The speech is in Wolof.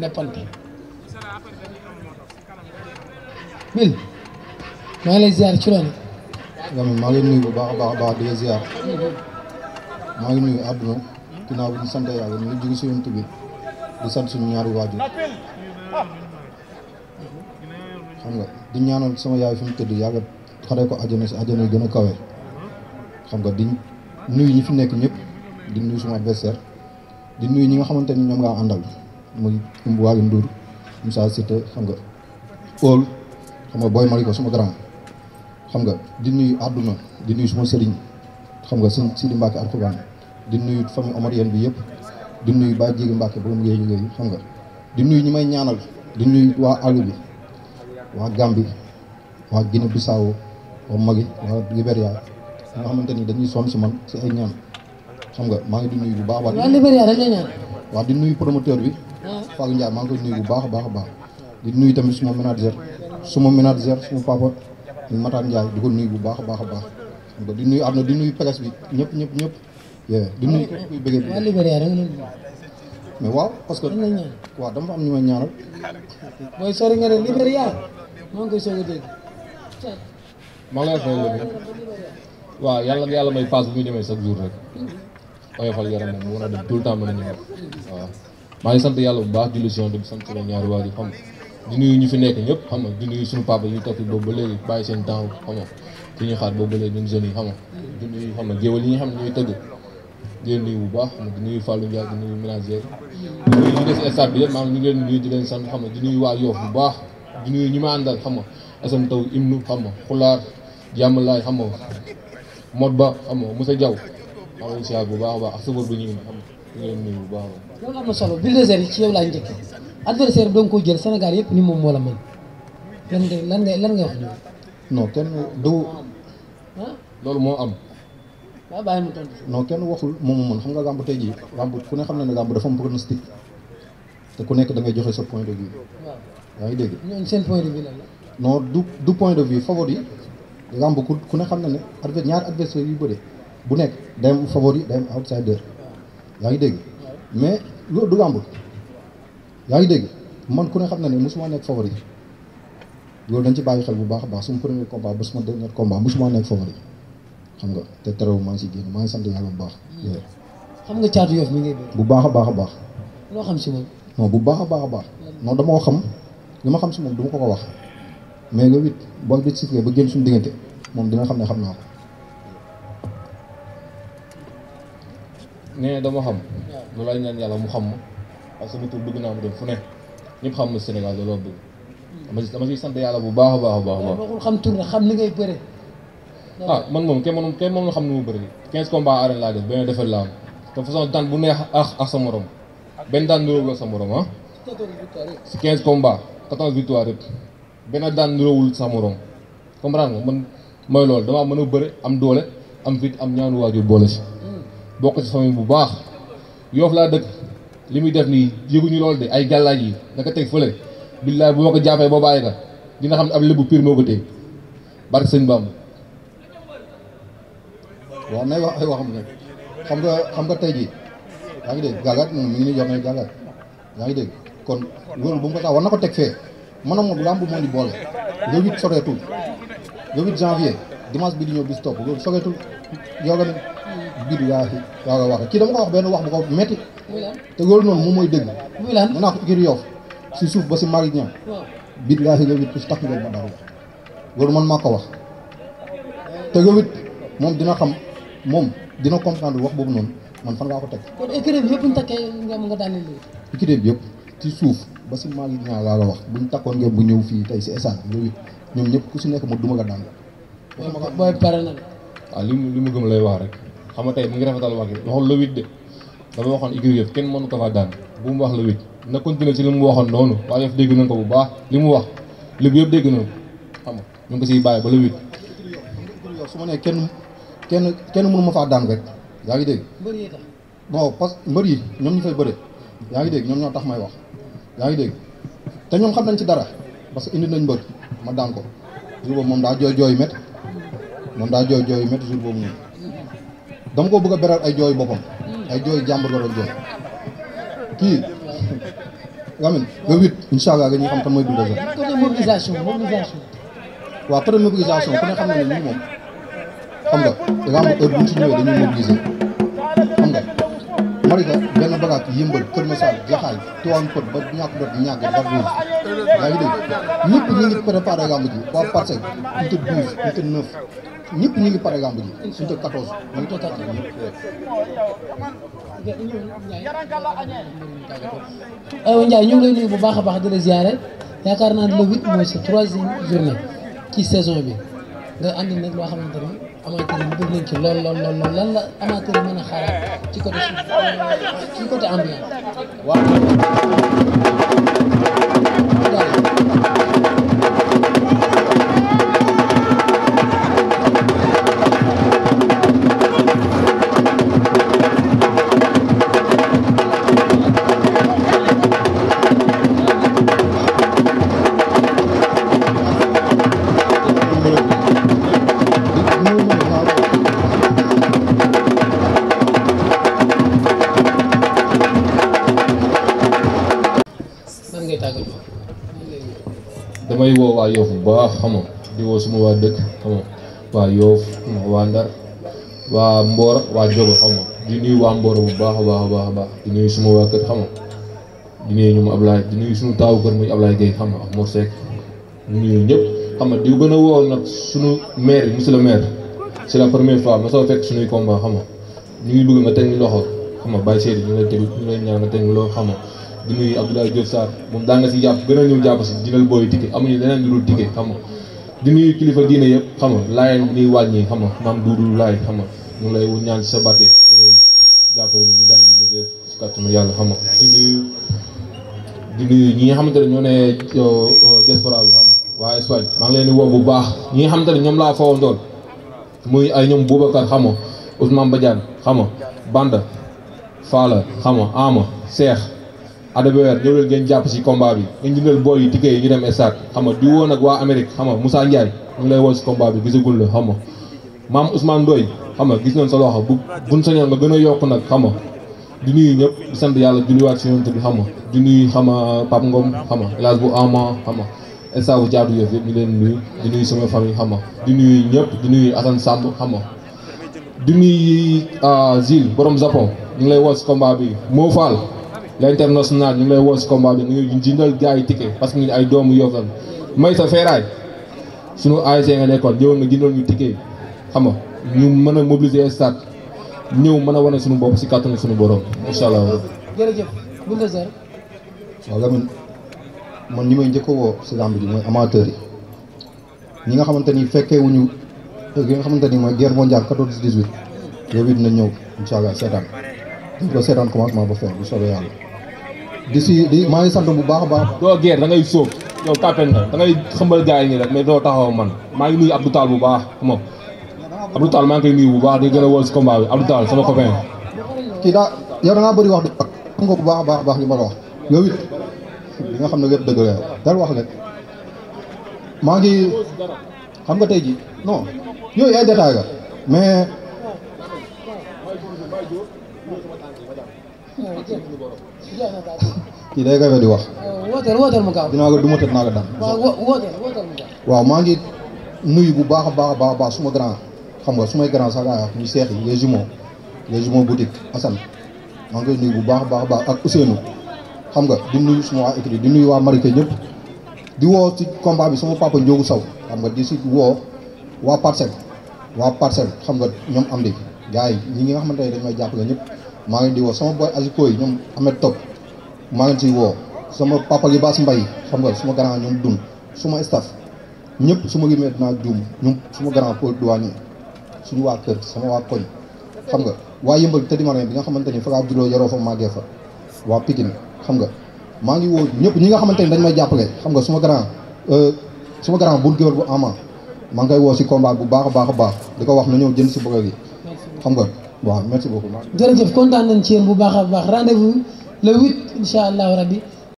di maa ngi lay ziar ci loolu maa ngi nuyu bu baax a baax a baax di maa ngi nuyu àdduna ginnaaw sant yàlla ñu ngi jóge si yonent bi di sant suñu ñaari waajur xam nga di ñaanal sama yaay fi mu tëdd yàlla xaree ko àjjana si àjjana yi gën a xam nga di nuyu ñi fi nekk ñépp di nuyu suma adversaire di nuyu ñi nga xamante ni ñoom laa àndal muy Waly Ndour Moussa Cité xam nga óol xam nga booy mari ko suma grand xam nga di nuyu àdduna di nuy suma sëriñ xam nga sëñ Sidi Mbacke Alxuraan di nuyu famille omarienne bi yëpp di nuy nuyu Baye Jéegi Mbacke borom yooyu yooyu xam nga di nuyu ñi may ñaanal di nuyu waa àll bi waa Gambie waa Guinée Bissau waa Mali waa Libéria nga xamante ni dañuy soom si man si ay ñaan xam nga maa ngi di nuyu bu baax waa Libéria waa di nuyu promoteur bi Fallou Ndiaye maa koy nuyu bu baax a baax a baax di nuyu tamit suma manager suma manager suma papa ñu Matar di ko nuyu bu baax a baax a baax xam nga di nuyu àdduna di nuyu presse bi ñëpp ñëpp ñëpp di nuyu képp kuy bëggee bi mais waaw parce que waaw dama fa am ñu ma ñaanal mooy sori nga ne Libéria maa ngi koy soog a dégg maa ngi lay fay léegi waaw yàlla yàlla may paas bu ñu demee chaque jour rek tout le temps maa ngi sant yàlla bu baax julli si yoon bi sant la ñaari waay xam di nuyu ñu fi nekk ñëpp xam nga di nuyu suñu papa yi toog fi boobu ba léegi bàyyi seen temps xam di ñuy xaar boobu bu baax xam nga di nuyu Fallou Ndiaye di nuyu ménager di nuyu ñu des stade di leen sant xam nga di nuyu waa bu baax di nuyu ma àndal xam nga asan taw imnu xam nga xulaar jàmm laay xam nga mot ba xam nga Moussa Diaw maa ngi siyaar bu baax a baax ak sëbër bu ñu xam loolu am solo bulldozer yi ci yow laa njëkkee adversaire bi jël Sénégal yëpp ni moom moo la mën lan nga lan nga nga wax ñu kenn du loolu moo am waaw bàyyi mu kenn waxul moom mën xam nga gàmb tey jii gàmb ku ne xam na ne gàmb dafa am pronostic te ku nekk da ngay joxe sa point de vue yaa ngi dégg ñooñu seen point de vue la non du du point de vue favori gàmb ku ku ne xam na ne adver ñaari adversaire yu bëri bu nekk day am favori day am outsider yaa ngi dégg mais loolu du làmb yaa ngi dégg man ku ne xam na ne mosuma nekk favori loolu dañ ci bàyyi xel bu baax a baax suma premier combat ba suma dernier combat mosuma nekk favori xam nga te terew maa ngi si génn maa ngi sant yàlla bu baax. xam nga caatu yoof mi ngay bu baax a baax a baax. loo xam si moom. non bu baax a baax a baax non dama ko xam li ma xam si moom duma ko ko wax mais le huit boo huit sifflet ba génn suñu diggante moom dina xam ne xam naa ko. nee dama xam loolu laay ñaan yàlla mu xam ma parce que sama tur naa mu dem fu ne xam ma Sénégal loolu bëgg dama si dama sant yàlla bu baax a baax a baax. waxul xam tur na xam ni ngay bëre. ah man moom kenn moom kenn moom la xam ni mu bari 15 combats arène laa def benn defal laa am te façon daan bu neex ak ak sa morom benn daan niróowul ak sa morom ah. si 15 combats 14 victoire yëpp benn morom comprendre nga man mooy loolu damaa mën a bëre am doole am fit am ñaanu waajur boole si. bokk ci famille bu baax yoof laa dëkk li muy def nii yëguñu loolu de ay gàllaaj yi naka teg fële billaay bu ma ko jàppee boo bàyyi ka dina xam ne am lébu pire moo ko téye seen sëñ Bamba waaw nay wax ay waxam rek xam nga xam nga tey jii yaa ngi moom mi ngi nii jox ngay ngi dégg kon loolu bu mu ko ko teg fee man ak moom làmb moo ñu boole le huit soreetul le huit janvier dimanche bi di ñëw bis loolu soreetul yow billaahi waaw waaw waaw kii dama ko wax benn wax bu ko metti te loolu noonu moom mooy dëgg. muy lan nee naa ko kii Yoff si suuf ba si mari ñam laa loolu it takk ngeen ma dara loolu man maa ko wax te dina xam moom dina comprendre wax boobu noonu man fan laa ko teg. kon écurie bi yëpp ñu takkee ci suuf ba si mari ñam laa la takkoon ngeen bu ñëw fii tey si esaan loolu it ñoom ñëpp ku si nekk ma duma la daan la. waaye pare na ah, li mu li lay wax rek. xam nga tey mu ngi rafetal Macky waxul le huit de dama waxoon écurie yëpp kenn mënu ko faa daan bu mu wax la huit na continuer ci li mu waxoon noonu waa yëf dégg na ko bu baax li mu wax léegi yëpp dégg nañ xam nga ñu ngi ko siy bàyyi ba le huit su ma nee kenn kenn kenn mënu ma fa daan rek yaa ngi dégg non parce que mbër yi ñoom ñu fay bëre yaa ngi dégg ñoom ñoo tax may wax yaa ngi dégg te ñoom xam nañ si dara parce que indi nañ mbër ma daan ko jour boobu moom daa jooy jooy met moom daa jooy jooy met jour boobu noonu dama ko bëgg a beral ay jooy boppam ay jooy jàmbur la doon jooy kii Lamine le huit incha allah nga ñuy xam kan mooy Bulldozer. mobilisation mobilisation. xam na ne nii moom xam nga lamb heure bu ñu ci ñëwee dañuy mobiliser xam nga Malika benn bagaat yëmbal Kër Masar Jaxaay Tivaouane Pod ba ñàkk doot di ñàkk gar douze yaa ngi dégg ñëpp ñu ngi préparé lamb ji waa Parcelles unité ñëpp ñu ngi pare gàmb ji suñu toog 14 ñu ngi toog 14 ñëpp. aywa ñu bu baax a baax di la ziare yaakaar naa ne le huit mooy sa troisième journée ci saison bi nga andi nag loo xamante ni amateur yi bëgg nañ ci lool lool lool lool la amateur yi mën a xaaraat ci côté ci côté ambiance. waaw. waa Yoof bu baax xam diwoo suma waa dëkk xam nga waa Yoof waa Ndar waa Mboor waa Jogo xam nga di nuyu waa Mboor bu baax a baax a baax a baax di nuyu suma waa kër xam nga di nuyu ñoom Ablaye di nuyu suñu taawu kër muy Ablaye Gueye xam nga ak Mor Seck di nuyu ñëpp xam nga di gën a woo nag suñu maire yi monsieur le maire c'est la première fois ma soo fekk suñuy combat xam nga ñu ngi bëgg nga teg ñu loxo xam nga bàyyi seeti ñu lay teg ñu lay ñaan nga teg ñu loxo xam di nuyu Abdoulaye Diop Sarr moom daan na si jàpp gën a ñëw jàpp si jëndal booy ticket amuñu leneen lu dul ticket xam nga di nuyu kilifa diine yëpp xam nga laay nuy wàññi xam nga maam Doudou Laay xam nga ñu ngi ñaan si sa barke ñëw jàppale ñu daan di liggéey si kàttanu yàlla xam nga di nga xamante ne ñoo ne diaspora bi xam nga maa ngi leen bu baax ñi nga xamante ne ñoom laa fawandool muy ay ñoom Boubacar xam nga Ousmane Badiane xam nga Banda Fala xam nga Seex AWR ñëw jàpp si combat bi ngeen jëndal yi ticket yi ñu dem stade xam nga di woon ak waa Amérique xam nga Moussa Ndiaye mu ngi lay woo si combat bi gisagul la xam nga maam Ousmane Ndoye xam gis nañ sa loxo bu buñ sañoon nga gën a yokk nag xam nga di ñëpp sant yàlla julliwaat si yonent bi xam nga di nuyu xam nga Pape xam nga El Hadj Ama xam nga stade bu jaadu yëf di nuyu sama famille xam nga di nuyu ñëpp di nuyu Assane Samb xam di nuyu ah, Zil borom Japon ñu ngi lay woo si combat bi moo faal l'international ñu ngi lay woo si combat bi ñu jëndal gars yi ticket parce que ñu ay doomu Yoff lañ may sa feeraay suñu ASC nga nekkoon ñëwoon nga jëndal ñu ticket xam nga ñu mën a mobiliser stade ñëw mën a wane suñu bopp si kàttanu suñu borom incha allah. jërëjëf bu Ndezane. waaw Lamine man ñi may njëkk a woo si lamb bi mooy amateurs yi ñi nga xamante ni fekkee wuñu li nga xamante ni mooy guerre mondiale 14 18 yooyu na ñëw incha allah seetaan di ko seetaan commencement ba fin bu yàlla. di si di maa ngi sant bu baax a baax. doo geer da ngay sóob yow tàppeen nga da ngay xëmbal gars yi nii rek mais doo taxaw man maa ngi nuyu Abdou taal bu baax moom Abdou Tall maa ngi koy nuyu bu baax di gën a wóor si combat bi Abdou Tall sama copain. kii daa yow da ngaa wax di xam nga bu baax a baax baax li ma la wax li nga xam ne lépp dëgg la dal wax rek maa ngi xam nga tey ji non yooyu ay détail mais. kii day kawe di wax. Euh, wooteel wooteel mu dinaa ko du tëdd naa ko daan. waaw wo wooteel wooteel waaw maa ngi nuyu bu baax a baax a baax suma grand xam nga sumay grand sax laay wax ñu seex yi les jumeaux les jumeaux boutique Assane maa ngi koy nuyu bu baax a baax a baax ak Ousseynou xam nga di nuyu suma waa écrit di nuyu waa Marika ñëpp di woo ci combat bi sama papa Ndiogu saw xam nga di si woo waa parcelle waa parcelle xam nga ñoom am di gars yi ñi nga xamante ne dañ may jàppale ñëpp. maa ngi di woo sama boy Aziko yi ñoom Ahmed Top maa ngi ciy woo sama papa Libaas Mbaye xam nga suma grand ñoom dun suma staff ñëpp su ma limee dinaa juum ñoom suma grand Paul Douane suñu waa kër sama waa koñ xam nga waa yëmbal tëddi marin bi nga xamante ni fa laa juddoo yaroo fa màggee fa waa Pikine xam nga maa ngi woo ñëpp ñi nga xamante ni dañ may jàppale xam nga suma grand euh, suma grand bul géwél bu ama maa ngi koy woo si combat bu baax a baax a baax di ko wax na ñëw jënd si bëgg yi xam waaw merci beaucoup. jërëjëf kontaan nañ ci yéen bu baax a baax rendez vous le huit incha allahu rabbi